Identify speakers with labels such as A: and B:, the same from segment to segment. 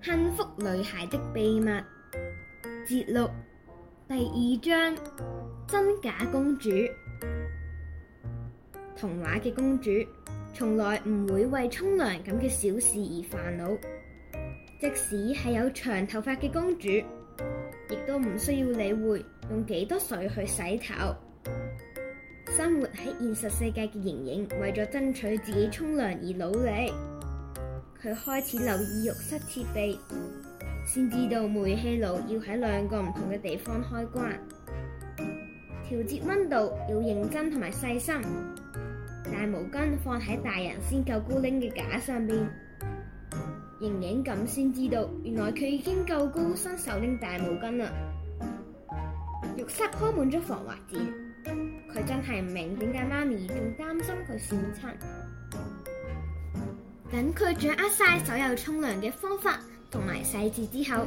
A: 幸福女孩的秘密，節錄第二章：真假公主。童話嘅公主從來唔會為沖涼咁嘅小事而煩惱，即使係有長頭髮嘅公主，亦都唔需要理會用幾多水去洗頭。生活喺現實世界嘅盈盈，為咗爭取自己沖涼而努力。佢開始留意浴室設備，先知道煤氣爐要喺兩個唔同嘅地方開關，調節溫度要認真同埋細心。大毛巾放喺大人先夠高拎嘅架上邊，盈盈咁先知道原來佢已經夠高伸手拎大毛巾啦。浴室鋪滿咗防滑墊，佢真係唔明點解媽咪仲擔心佢跣親。等佢掌握晒所有沖涼嘅方法同埋細節之後，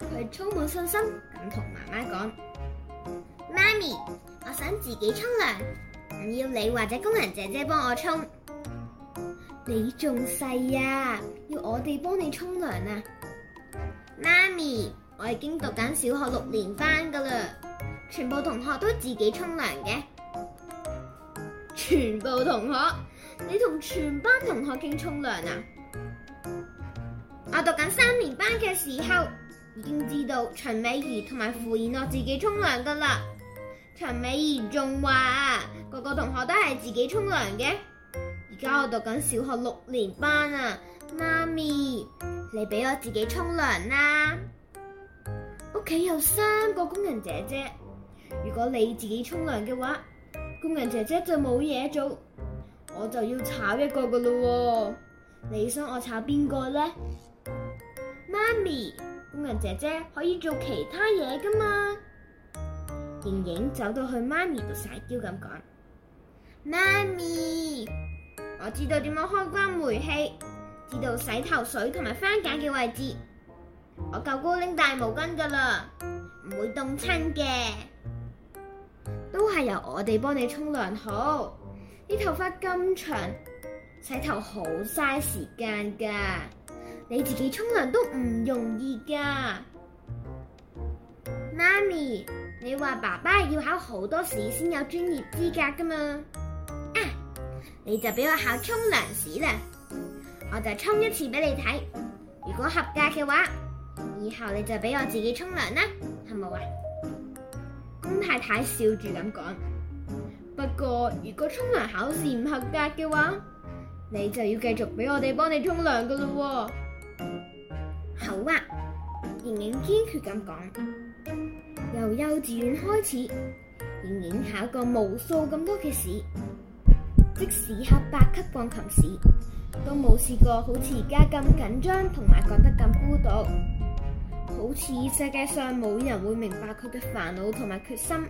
A: 佢充滿信心咁同媽媽講：媽咪，我想自己沖涼，唔要你或者工人姐姐幫我沖。你仲細啊，要我哋幫你沖涼啊？媽咪，我已經讀緊小學六年班㗎喇，全部同學都自己沖涼嘅，全部同學。你同全班同學傾沖涼啊？我讀緊三年班嘅時候，已經知道陳美儀同埋傅儀諾自己沖涼噶啦。陳美儀仲話：個個同學都係自己沖涼嘅。而家我讀緊小學六年班啊，媽咪，你俾我自己沖涼啦。屋企有三個工人姐姐，如果你自己沖涼嘅話，工人姐姐就冇嘢做。我就要炒一個噶咯，你想我炒邊個咧？媽咪，工人姐姐可以做其他嘢噶嘛？盈盈走到去媽咪度撒嬌咁講：媽咪，我知道點樣開關煤氣，知道洗頭水同埋番枧嘅位置，我夠高拎大毛巾噶啦，唔會凍親嘅。都係由我哋幫你沖涼好。你頭髮咁長，洗頭好嘥時間噶。你自己沖涼都唔容易噶。媽咪，你話爸爸要考好多試先有專業資格噶嘛？啊，你就俾我考沖涼試啦，我就沖一次俾你睇。如果合格嘅話，以後你就俾我自己沖涼啦，好冇啊？公太太笑住咁講。不過如果沖涼考試唔合格嘅話，你就要繼續俾我哋幫你沖涼噶啦。好啊，瑩瑩堅決咁講。由幼稚園開始，瑩瑩考過無數咁多嘅試，即使考八級鋼琴試，都冇試過好似而家咁緊張同埋覺得咁孤獨，好似世界上冇人會明白佢嘅煩惱同埋決心。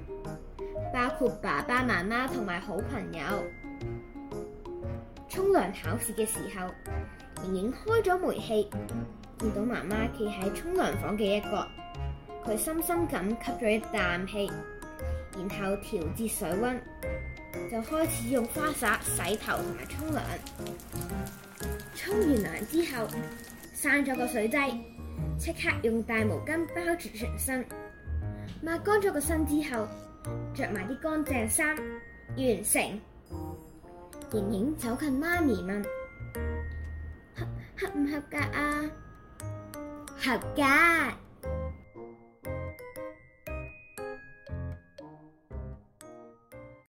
A: 包括爸爸媽媽同埋好朋友。沖涼考試嘅時候，盈盈開咗煤氣，見到媽媽企喺沖涼房嘅一角，佢深深咁吸咗一啖氣，然後調節水溫，就開始用花灑洗頭同埋沖涼。沖完涼之後，閂咗個水掣，即刻用大毛巾包住全身，抹乾咗個身之後。着埋啲乾淨衫，完成。然然走近媽咪問：合合唔合格啊？合格。